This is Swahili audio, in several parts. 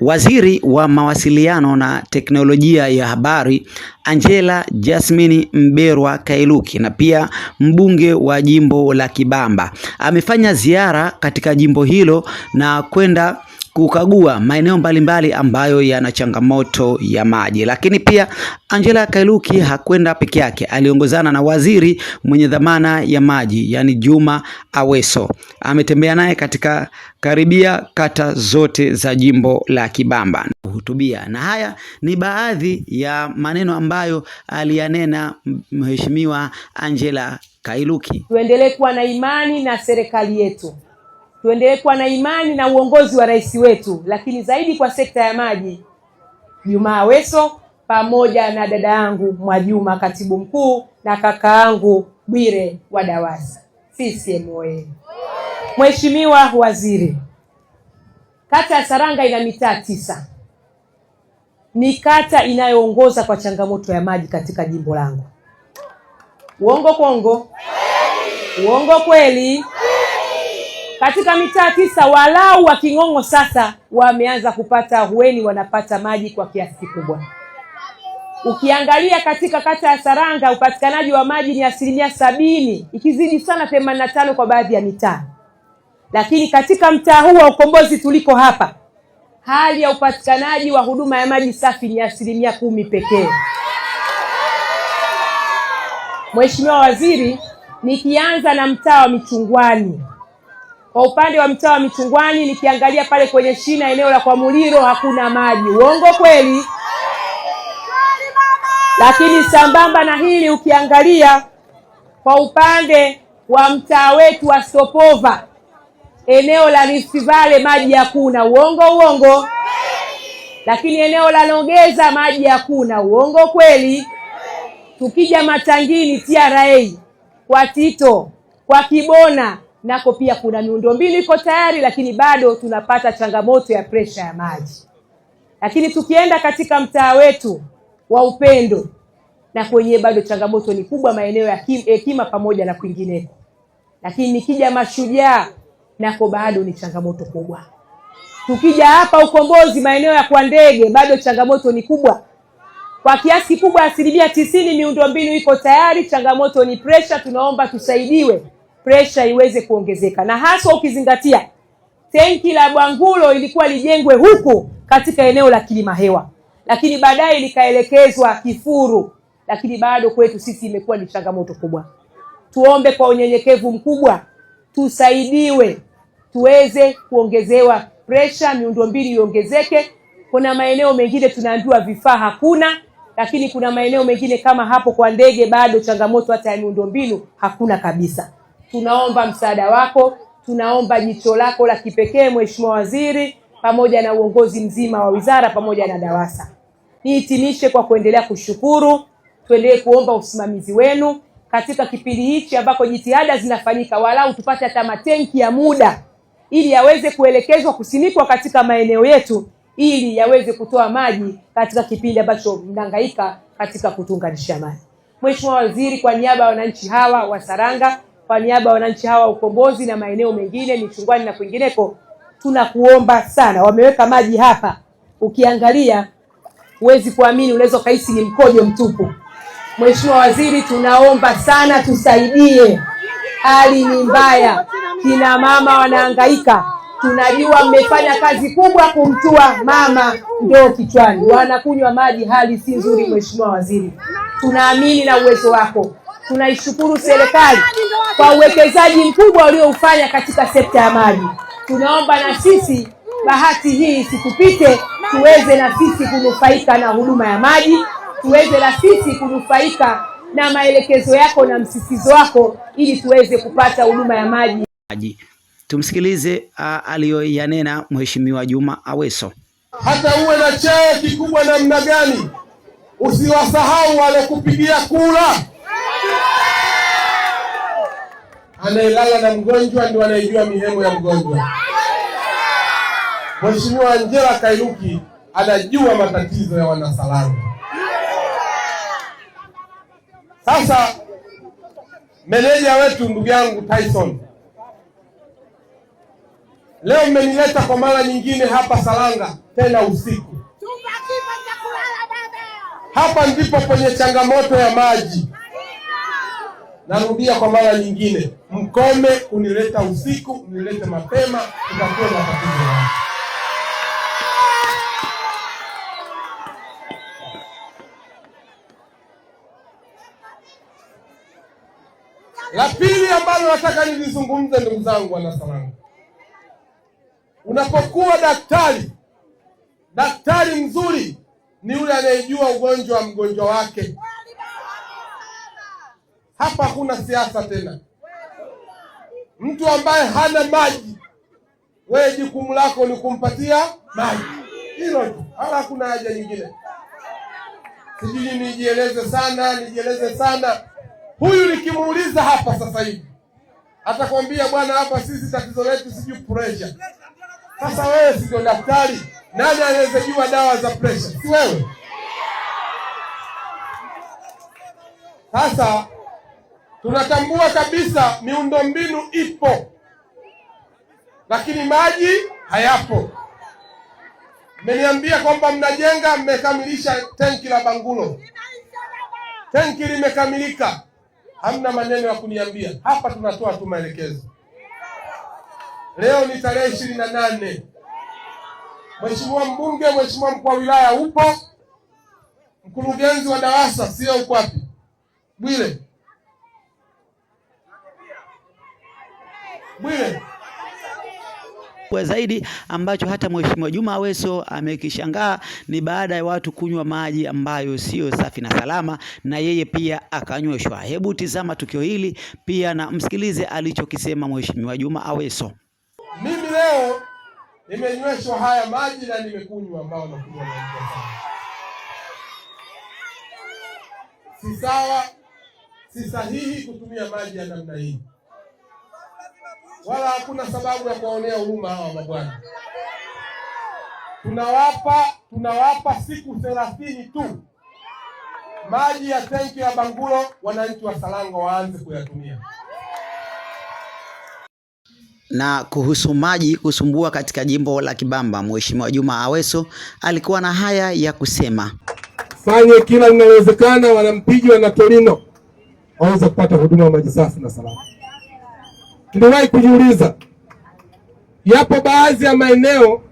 Waziri wa Mawasiliano na Teknolojia ya Habari, Angela Jasmine Mberwa Kairuki na pia mbunge wa jimbo la Kibamba amefanya ziara katika jimbo hilo na kwenda kukagua maeneo mbalimbali ambayo yana changamoto ya maji. Lakini pia Angela Kairuki hakwenda peke yake, aliongozana na waziri mwenye dhamana ya maji, yani Juma Aweso. Ametembea naye katika karibia kata zote za jimbo la Kibamba kuhutubia, na haya ni baadhi ya maneno ambayo aliyanena Mheshimiwa Angela Kairuki. Tuendelee kuwa na imani na serikali yetu tuendelee kuwa na imani na uongozi wa rais wetu, lakini zaidi kwa sekta ya maji, Jumaa Aweso pamoja na dada yangu Mwajuma katibu mkuu na kaka yangu Bwire wa DAWASA. CCM oyee! Mheshimiwa Waziri, kata ya Saranga ina mitaa tisa, ni kata inayoongoza kwa changamoto ya maji katika jimbo langu. Uongo kongo? Uongo kweli? katika mitaa tisa walau wa King'ong'o sasa wameanza kupata ahueni, wanapata maji kwa kiasi kikubwa. Ukiangalia katika kata ya Saranga upatikanaji wa maji ni asilimia sabini ikizidi sana themanini na tano kwa baadhi ya mitaa, lakini katika mtaa huu wa Ukombozi tuliko hapa hali ya upatikanaji wa huduma ya maji safi ni asilimia kumi pekee. Mheshimiwa Waziri, nikianza na mtaa wa Michungwani kwa upande wa mtaa wa Michungwani, nikiangalia pale kwenye shina eneo la Kwamuliro hakuna maji. Uongo kweli? Lakini sambamba na hili, ukiangalia kwa upande wa mtaa wetu wa Sopova eneo la Rift Valley maji hakuna. Uongo uongo? Lakini eneo la Nogeza maji hakuna. Uongo kweli? Tukija Matangini TRA, kwa Tito, kwa Kibona nako pia kuna miundombinu iko tayari, lakini bado tunapata changamoto ya presha ya maji. Lakini tukienda katika mtaa wetu wa Upendo na kwenye bado changamoto ni kubwa, maeneo ya Hekima eh, pamoja na kwingineko. Lakini nikija Mashujaa nako bado ni changamoto kubwa. Tukija hapa Ukombozi, maeneo ya kwa ndege bado changamoto ni kubwa kwa kiasi kikubwa, asilimia tisini miundombinu iko tayari, changamoto ni presha. Tunaomba tusaidiwe pressure iweze kuongezeka, na haswa ukizingatia tenki la Bwangulo ilikuwa lijengwe huku katika eneo la kilima hewa lakini baadaye likaelekezwa Kifuru, lakini bado kwetu sisi imekuwa ni changamoto kubwa. Tuombe kwa unyenyekevu mkubwa tusaidiwe, tuweze kuongezewa presha, miundombinu iongezeke. Kuna maeneo mengine tunaambiwa vifaa hakuna, lakini kuna maeneo mengine kama hapo kwa ndege bado changamoto hata ya miundombinu hakuna kabisa. Tunaomba msaada wako, tunaomba jicho lako la kipekee Mheshimiwa Waziri, pamoja na uongozi mzima wa wizara pamoja na DAWASA. Nihitimishe kwa kuendelea kushukuru, tuendelee kuomba usimamizi wenu katika kipindi hichi ambako jitihada zinafanyika, walau tupate hata matenki ya muda ili yaweze kuelekezwa kusimikwa katika maeneo yetu ili yaweze kutoa maji katika kipindi ambacho mnahangaika katika kutunganisha maji. Mheshimiwa Waziri, kwa niaba ya wananchi hawa wa Saranga kwa niaba ya wananchi hawa Ukombozi na maeneo mengine Michungwani na kwingineko, tunakuomba sana. Wameweka maji hapa, ukiangalia huwezi kuamini, unaweza ukahisi ni mkojo mtupu. Mheshimiwa Waziri, tunaomba sana tusaidie, hali ni mbaya, kina mama wanahangaika. Tunajua mmefanya kazi kubwa kumtua mama ndoo kichwani, wanakunywa maji, hali si nzuri. Mheshimiwa Waziri, tunaamini na uwezo wako Tunaishukuru serikali kwa uwekezaji mkubwa walioufanya katika sekta ya maji. Tunaomba na sisi bahati hii isitupite, tuweze na sisi kunufaika na huduma ya maji, tuweze na sisi kunufaika na maelekezo yako na msisitizo wako, ili tuweze kupata huduma ya maji. Tumsikilize uh, aliyoyanena Mheshimiwa Juma Aweso. Hata uwe na chaya kikubwa namna gani, usiwasahau kupigia kura anayelala na mgonjwa ndio anayejua mihemo ya mgonjwa. Mheshimiwa Angela Kairuki anajua matatizo ya Wanasalanga. Sasa meneja wetu ndugu yangu Tyson, leo mmenileta kwa mara nyingine hapa Salanga, tena usiku. Hapa ndipo kwenye changamoto ya maji. Narudia kwa mara nyingine, mkome kunileta usiku, mnilete mapema, tutakuwa na tatizo. La pili ambalo nataka nilizungumze, ndugu zangu wanasalangu, unapokuwa daktari, daktari mzuri ni yule anayejua ugonjwa wa mgonjwa wake. Hapa hakuna siasa tena. Mtu ambaye hana maji, wewe jukumu lako ni kumpatia maji, hilo hala, hakuna haja nyingine. Sijui nijieleze sana, nijieleze sana. Huyu nikimuuliza hapa sasa hivi atakwambia bwana, hapa sisi tatizo letu sijui pressure. Sasa wewe sio daktari? Nani anaweza jua dawa za pressure? Si wewe? Sasa Tunatambua kabisa miundombinu ipo, lakini maji hayapo. Mmeniambia kwamba mnajenga, mmekamilisha tenki la Bangulo, tenki limekamilika. Hamna maneno ya kuniambia hapa, tunatoa tu maelekezo. Leo ni tarehe ishirini na nane. Mheshimiwa mbunge, mheshimiwa mkuu wa wilaya upo, mkurugenzi wa DAWASA sio, uko wapi Bwile? kwa zaidi ambacho hata Mheshimiwa Juma Aweso amekishangaa ni baada ya watu kunywa maji ambayo siyo safi na salama, na yeye pia akanyweshwa. Hebu tizama tukio hili pia na msikilize alichokisema Mheshimiwa Juma Aweso. Mimi leo nimenyweshwa haya maji na nimekunywa, ambao nakunywa si sawa, si sahihi kutumia maji ya namna hii wala hakuna sababu ya kuwaonea huruma hawa mabwana. Tunawapa tunawapa siku thelathini tu maji ya tenki ya Bangulo, wananchi wa Salango waanze kuyatumia. Na kuhusu maji kusumbua katika jimbo la Kibamba, Mheshimiwa Juma Aweso alikuwa na haya ya kusema: fanye kila linalowezekana, Wanampiji, torino waweze kupata huduma ya maji safi na salama. Tumewahi kujiuliza, yapo baadhi ya maeneo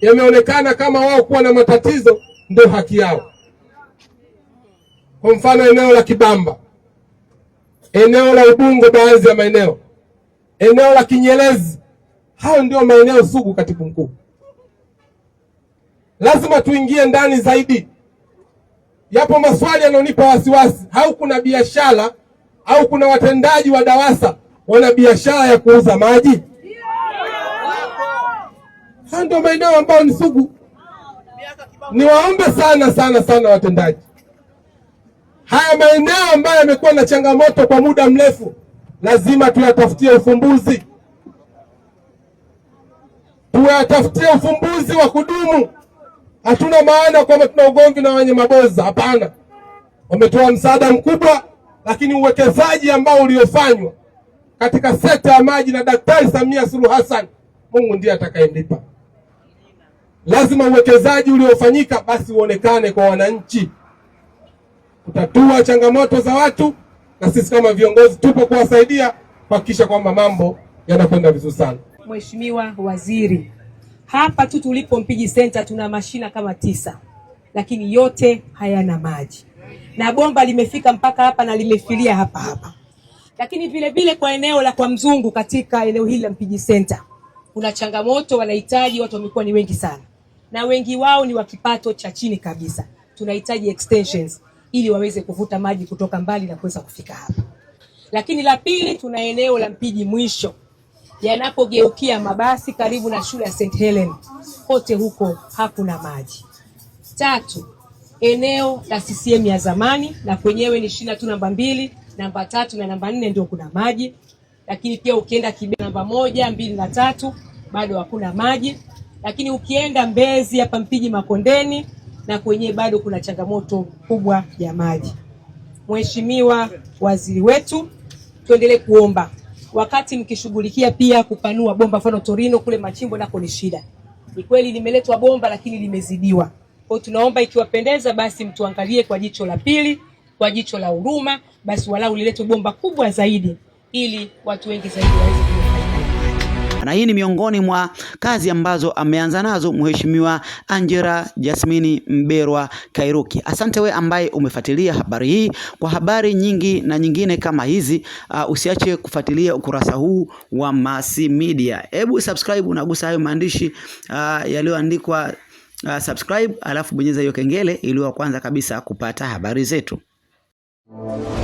yameonekana kama wao kuwa na matatizo ndio haki yao. Kwa mfano eneo la Kibamba, eneo la Ubungo, baadhi ya maeneo, eneo la Kinyerezi, hayo ndio maeneo sugu. Katibu mkuu, lazima tuingie ndani zaidi. Yapo maswali yanayonipa wasiwasi, au kuna biashara au kuna watendaji wa DAWASA wana biashara ya kuuza maji. Haya ndio maeneo ambayo ni sugu. Niwaombe sana sana sana watendaji, haya maeneo ambayo yamekuwa na changamoto kwa muda mrefu lazima tuyatafutie ufumbuzi, tuyatafutie ufumbuzi wa kudumu. Hatuna maana kwamba tuna ugomvi na wenye maboza, hapana. Wametoa msaada mkubwa, lakini uwekezaji ambao uliofanywa katika sekta ya maji na Daktari Samia Suluhu Hassan, Mungu ndiye atakayemlipa. Lazima uwekezaji uliofanyika basi uonekane kwa wananchi, kutatua changamoto za watu, na sisi kama viongozi tupo kuwasaidia kuhakikisha kwamba mambo yanakwenda vizuri sana. Mheshimiwa Waziri, hapa tu tulipo Mpiji Center tuna mashina kama tisa, lakini yote hayana maji na bomba limefika mpaka hapa na limefilia hapa hapa. Lakini vile vile kwa eneo la kwa mzungu katika eneo hili la Mpiji Center kuna changamoto, wanahitaji watu wamekuwa ni wengi sana, na wengi wao ni wa kipato cha chini kabisa. Tunahitaji extensions ili waweze kuvuta maji kutoka mbali na kuweza kufika hapa. Lakini la pili, tuna eneo la Mpiji mwisho yanapogeukia mabasi karibu na shule ya St Helen, pote huko hakuna maji. Tatu, eneo la CCM ya zamani na kwenyewe ni shina tu namba mbili namba tatu na namba nne ndio kuna maji, lakini pia ukienda kibe namba moja, mbili na tatu bado hakuna maji, lakini ukienda Mbezi hapa Mpiji Makondeni na kwenyewe bado kuna changamoto kubwa ya maji. Mheshimiwa waziri wetu, tuendelee kuomba wakati mkishughulikia pia kupanua bomba, mfano Torino kule Machimbo nako ni shida. Ni kweli limeletwa bomba, lakini limezidiwa. Kwa tunaomba ikiwapendeza, basi mtuangalie kwa jicho la pili kwa jicho la huruma, basi walau liletwe bomba kubwa zaidi ili watu wengi zaidi waweze na hii ni miongoni mwa kazi ambazo ameanza nazo Mheshimiwa Angela Jasmine Mberwa Kairuki. Asante we ambaye umefuatilia habari hii. Kwa habari nyingi na nyingine kama hizi, uh, usiache kufuatilia ukurasa huu wa Masi Media. Hebu subscribe, unagusa hayo maandishi uh, yaliyoandikwa uh, subscribe, alafu bonyeza hiyo kengele ili wa kwanza kabisa kupata habari zetu. Thank you